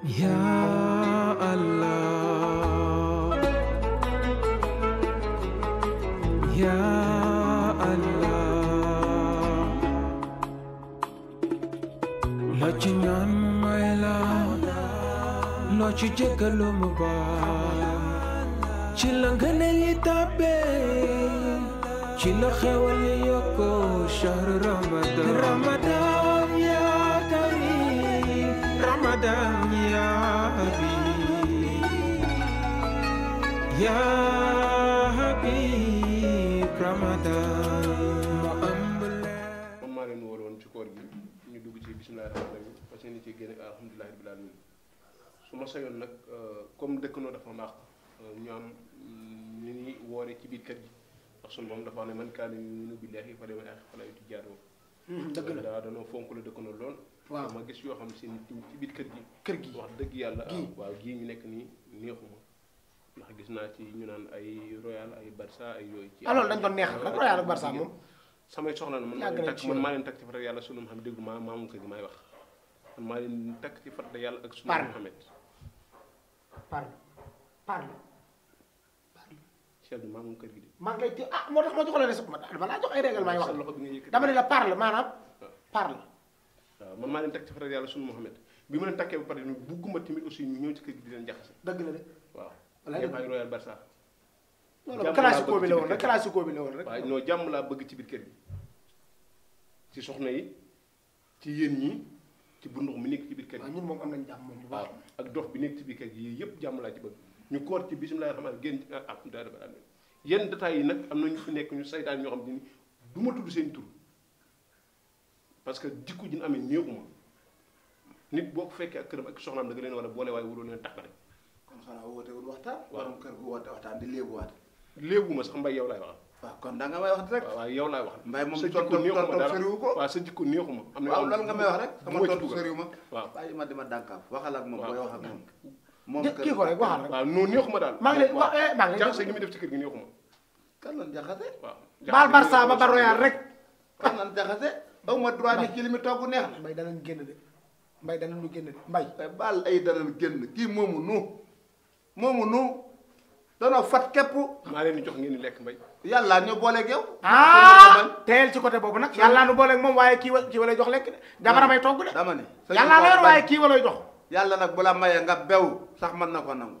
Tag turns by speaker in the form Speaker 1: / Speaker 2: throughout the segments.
Speaker 1: Ya Allah Ya Allah Lo ci ñaan mu may la loo ci jéggalu mu baal ci la ngëneel yi Ramadan Ramadan قدم يا حبيب يا حبيب رمضان mu
Speaker 2: ëmb leen moom maa leen wóoroon ci koor gi ñu dugg ci bisimilah rahmaani rahiim parce ni ci génn alhamdulilah rabbil alamin su ma sayoon nag euh, comme dëkkandoo dafa naax euh, ñu am ñu mm, ni wooree ci biir kër gi ndax sunu moom dafa ne man kaanu yu'minu billaahi fal yawmil aaxir falaa yutii'ir jaaroo. Hmm, dëgg la daa danoo fonk la dëkkandoo lool. waaw dama gis yoo xam si ni ci biir kër gi. kër gi wax dëgg yàlla. Ah, waaw gii ñu nekk nii neexuma ndax gis naa ci ñu naan ay Royal ay Barça ay yooyu. ci alors ah, dañ doon neex nag Royal ak Barça moom. samay soxla na man maa leen takk leen takk ci farat yàlla sunu Muhammad xam maa maamu kër gi maay wax man maa leen takk ci farat yàlla ak sunu Muhammad. parle bi maamu kër gi
Speaker 3: de. maa ngi lay ah moo tax ma jox la ne ma dama laa jox ay règlement yi wax
Speaker 2: dama ne la parle
Speaker 3: maanaam ah. parle.
Speaker 2: waaw man maa leen teg ci frère yàlla sunu Mouhamed bi ma leen takkee ba pare bugguma tamit aussi ñu ñëw ci kër gi di jaxase. dëgg la de waaw. walaay dëgg Royal Barça.
Speaker 3: loolu classico bi la woon rek classico bi la woon rek. waaw
Speaker 2: non jàmm laa bëgg ci biir kër gi ci soxna yi ci yéen ñi ci bundux mi nekk ci biir kër gi. moom am nañ moom waaw ak dox bi nekk ci biir kër gi yëpp jàmm laa ci bëgg ñu koor ci bisimilah rahmaan génn ah daal ah, yenn détails yi nag am na ñu fi nekk ñu seytaan ñoo xam ne du ma tudd seen tur parce que jikko ji ñu amee néexuma nit boo ko fekkee ak këram ak soxnaam da nga leen war a boole waaye waroo leen tàqale. kon
Speaker 3: xanaa wootewul waxtaan.
Speaker 2: waxtaan di léebuwaat. léebuma sax mbay yow laay wax.
Speaker 3: waaw kon da may wax rek. waaw yow laay mbay moom sa jikko néexuma.
Speaker 2: na waaw loolu nga may wax
Speaker 3: ma dama dànkaaf. waxal ak moom booy wax ak moom. moom kër kii ko daal. maa ngi eh, jaxase gi mu def ci kër gi néexuma. kan jaxase. waaal Barça ba rek. kan jaxase aw ma droit ni ci li mu togg neex na. mbay danañ génn de mbay danañ lu génn de mbay. Eh, baal ay danañ génn kii moomu nu moomu nu danoo fat képp. maa leen di jox ngeen di lekk mbay. yàlla ñu booleeg yow. ah teel ci côté boobu nag. yàlla ñu booleeg moom waaye kii wa kii walay jox lekk de. dama damay togg de. dama ne yàlla la yor waaye kii walay jox. yàlla nag bu la mayee nga bew sax mën na ko nangu.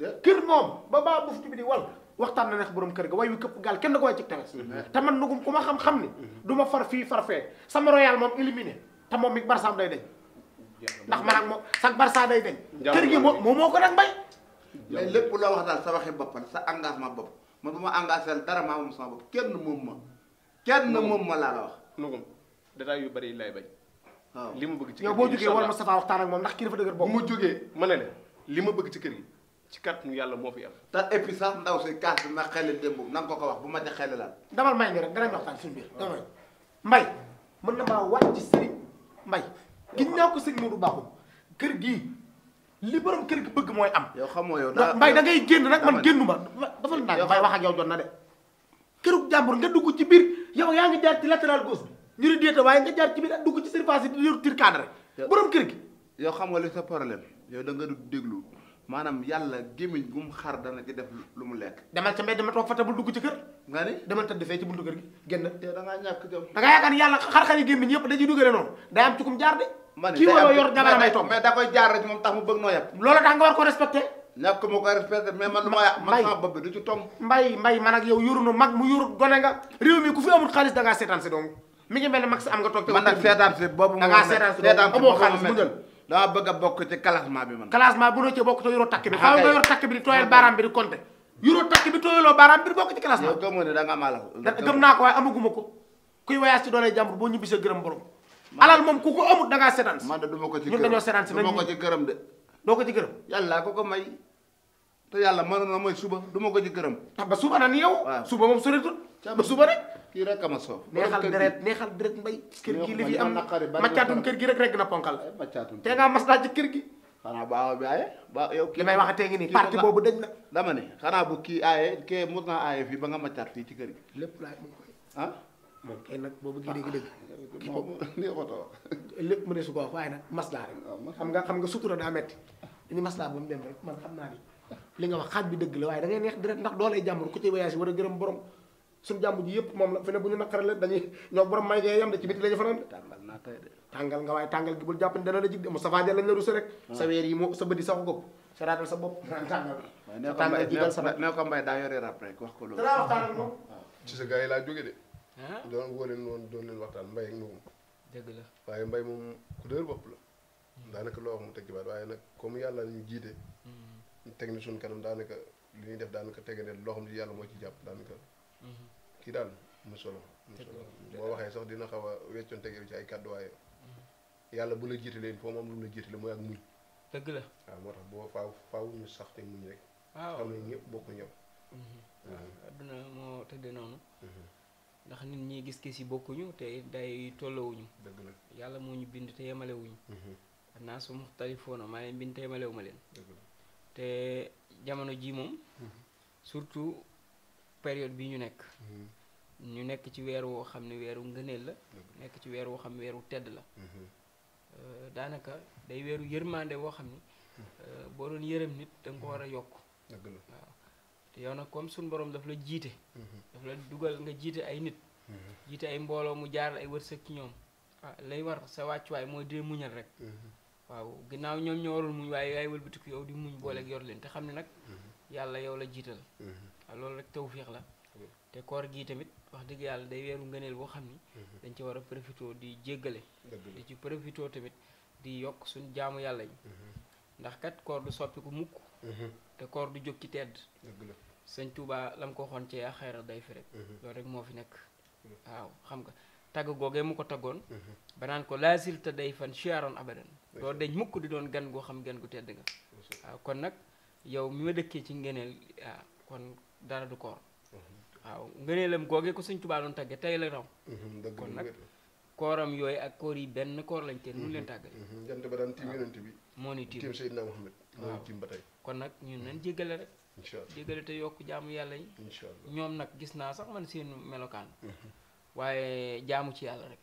Speaker 3: kër moom ba baa buftu bi di wal waxtaan na neex borom kër ga way wi këpp gaal kenn da ko way ci tefes mm-hmm. te man nugum ku ma xam-xam ni mm-hmm. far fii far fee sama royal mom éliminé te moom mi barsaam day deñ ndax man ak moom sax barsa day deñ kër gi moo moo moo ko nag mbay mais lépp loo wax daal sa waxi boppam sa engagement bopp man bu engagé dara maa moom sama bopp kenn moom ma
Speaker 2: kenn moom ma
Speaker 3: laa la wax nugum
Speaker 2: data yu bari lay bañ waaw li ma
Speaker 3: bëgg ci yow boo jógee war ma safaa waxtaan ak moom ndax kii dafa dëgër bopp bu ma jógee ma bëgg ci kër gi ci kàttanu yalla mo fi am. ta et puis sax ndaw si kaas na xelal dem bu nang ko ko wax bu ma ca xelalal. damal may nga rek wax tan sun biir damay may mën na ma wàcc ci sëriñ may gis naa ko sëriñ Modou Bakhoum keur gi li borom keur gi bëgg moy am. yow xamoo yow da may da ngay genn nak man gennu ma dafa la naan wax ak yow jonne na de. keuruk jàmbur nga dugg ci bir yow ya nga jaar ci lateral gauche ñu ne déeta way nga jaar ci bir dugg ci surface di yor tir cadre borom keur gi. yow xamoo li sa problème yow da nga deglu manam yalla gemiñ gum xar na ci def lu mu lek demal ci mbedd ma tok fa tabul dugg ci keur nga ni demal tadd fe ci buntu keur gi genn te da nga ñak jom da nga yakan yalla xar xari gemiñ yep ci duggale non da am ci kum jaar de ki wala yor jabar may tok mais da koy jaar rek mom tax mu bëgg no yap lolu da nga war ko respecter nak mo ko respecter mais man luma man sama bëb du ci tom mbay mbay man ak yow yoruno mag mu yuru gone nga rew mi ku fi amul xaliss da nga sétan ci dong mi ngi melni max am nga tok man nak sétan ci bobu mo sétan ci bobu mo xaliss dama bëgg a bokk ci classement bi man. classement bu noo ci bokk te yoroo takk bi. xaaral ah, xaaral nga yor takk bi di tooyal baaraam bi di compter. yoroo takk bi bi di bokk ci classement. yow gëmoo ne ko ko kuy voyage ci doole jàmbur boo ma ko ci gërëm ñun ma ko ci gërëm de. doo ko ko ko may ba suba na kii rek ma soof. neexal deret neexal deret mbay. kër gi li fi am maccaatum kër gi rek rek na ponkal. maccaatum te ngaa mas naa ci kër gi. xanaa bu awa bi ba yow kii li may waxatee ngi parti boobu dañ na dama ne xanaa bu kii aaye kee mos naa aaye fii ba nga maccaat fii ci kër gi lépp laay moom koy ah moom kay nag boobu gi dégg dégg neexatoo lépp mu ne su ko wax waaye nag maslaa rek ah, xam nga xam nga sutura daa metti ni maslaa ba mu dem rek man xam naa ni li nga wax xaaj bi dëgg la waaye da ngay neex direct ndax doolee jàmbur ku ci voyage war a borom suñu jàmm ji yëpp moom la fi bu ñu naqaree dañuy ñoo borom may ngay yem de ci biti la ñu fanaan tàngal naa de tàngal nga waaye tàngal gi bul jàpp ne dana la jig de ah. sa weer sa bopp ah. tàngal tàngal jigal sa ne ko mbay daa yore rap rek wax
Speaker 2: ko loolu ah. sa gars laa jóge de doon woo leen woon doon waxtaan mbay ak la waaye mbay moom ku dëgër la daanaka loo wax mu teg ci baat waaye nag comme yàlla ñu jiite hmm. ñu ni suñu kanam daanaka li ñuy def daanaka tegane loo xam ne yàlla moo ci jàpp daanaka Mm-hmm. kii daal mu solo mu solo boo waxee sox dina xaw a weccoon tegeeru ci ay kàdduwaay yàlla bu la jiitalee foo mu am lu mu la jiitale mooy ak muñ dëgg la waaw moo tax boo faaw faaw ñu sax te muñ rek
Speaker 1: waaw xam ne ñëpp bokk ñëpp mm-hmm. mm-hmm. adduna moo ndax nit ñi gis-gis yi bokkuñu te day tollowuñu dëgg yàlla moo ñu bind te yemalewuñu naa su muxtalifoona maa leen bind te yemalewuma leen te jamono ji moom surtout période bi ñu nekk mhm. ñu nekk ci weer woo xam ne weeru ngëneel la nekk ci weer woo xam weer wu tedd la mhm. euh, daanaka day weeru yërmande woo xam ni mhm. euh, boo doon yërëm nit da ko war a yokk waaw te yow nag comme suñu borom daf la jiite daf la dugal nga jiite ay nit jiite ay mbooloo mu jaar ay wërsëg ci ñoom ah, lay war sa wàccuwaay mooy dee muñal rek waaw ginnaaw ñoom ñoo warul muñ waaye yaay wëlbatiku yow di muñ booleeg yor leen te xam ne nag yàlla yow la jiital loolu rek tawféex la mm-hmm. te koor gi tamit wax dëgg yàlla day weeru ngëneel boo xam ni mm-hmm. dañ ci war a profitoo di jéggale di ci profitoo tamit di yokk suñ jaamu yàlla yi mm-hmm. ndax kat koor du soppiku mukk te koor du jóg ci tedd sëñ Touba la mu ko waxoon ci yaa xayra day fi rek loolu rek moo fi nekk waaw xam nga tagg googee mu ko taggoon banaan ko laasil te day fan chiaron abadan doo deñ mukk di doon gan goo xam gan gu tedd nga waaw kon nag yow mi ma dëkkee ci ngeneel ah, kon dara du koor waaw ngëneelam googee ko sëñ Tuubaa doon tàggee tey la raw mhm, kon nag kooram yooyu ak koor yi benn koor lañ teen mun leen mhm, tàggale mhm, jant ba daan moo ni tiim Seydina
Speaker 2: Muhammad moo ni tiim ba tey
Speaker 1: kon nag ñun nañ jéggale rek jéggale te yokk jaamu yàlla yi ñoom nag gis naa sax man seen melokaan waaye jaamu ci yàlla rek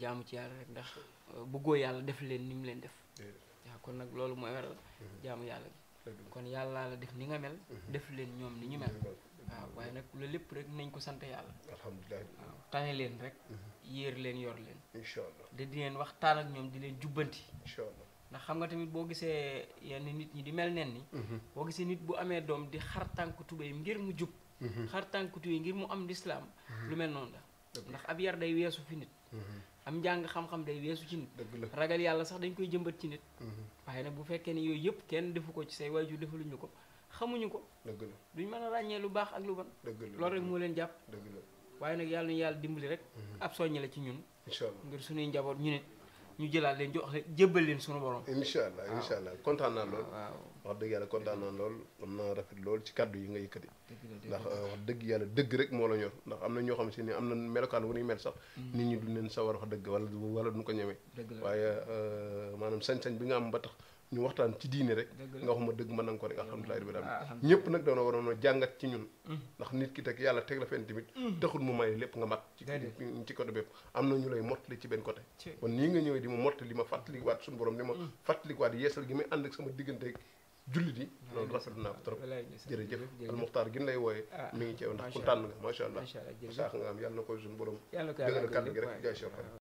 Speaker 1: jaamu ci yàlla rek ndax uh, bëggoo yàlla def leen ni mu leen def waaw kon nag loolu mooy waral jaamu yàlla gi kon yàlla la def ni nga mel mhm. def leen ñoom ni ñu mel mhm. waaw waaye nag loolu lépp rek nañ ko sant yàlla
Speaker 3: alhamdulilah waaw
Speaker 1: tane leen rek mhm. yéer leen yor leen incha allah da di leen waxtaan ak ñoom di leen jubbanti incha ndax xam nga tamit boo gisee yenn nit ñi di mel nen ni boo gisee nit bu amee doom di xar tànk tubéy ngir mu jub xar tànk tubéy ngir mu am lislaam lu mel noonu la ndax ab yar day weesu fi nit am njàng xam-xam day weesu ci nit ragal yàlla sax dañ koy jëmbat ci nit mhm. waaye nag bu fekkee ne yooyu yëpp kenn defu ko ci say waajur defaluñu ko xamuñu ko dëgg la duñ mën a ràññee lu baax ak lu bon loolu rek moo leen jàpp dëgg la waaye nag yàlla ñu yàlla dimbali rek mhm. ab soññi la ci ñun ngir suñuy njaboot ñu ne ñu jëlaat leen jox leen jébbal leen sunu borom.
Speaker 2: incha allah incha allah kontaan naa lool. wax dëgg yàlla kontaan naa lool am na rafet lool ci kàddu yi nga yëkkati. ndax euh, wax dëgg yàlla dëgg rek moo la ñor ndax am na ñoo xam si ni am na melokaan wu ñuy mel sax. Mm. nit ñi duñ leen sawar wax dëgg wala wala duñ ko ñeme. waaye euh, maanaam sañ-sañ bi nga am ba tax. ñu waxtaan ci diine rek nga waxuma dëgg mën na ko rek alhamdulilahi rabbil alamin ah, ñëpp nag dana waroon a jàngat ci ñun mm. ndax nit ki teg yàlla teg la fenn tamit mm. taxul mu may lépp nga mat ci ci côté na ñu lay ci benn côté kon nii nga ñëwee di ma mottali ma fàttalikuwaat suñu borom di ma mm. fàttalikuwaat yeesal gi may ànd ak sama diggante jullit yi loolu rafetlu naa ko trop jërëjëf al muxtaar gin lay wooyee ah, mi ngi ceew ndax ku tànn nga macha allah
Speaker 1: saax nga am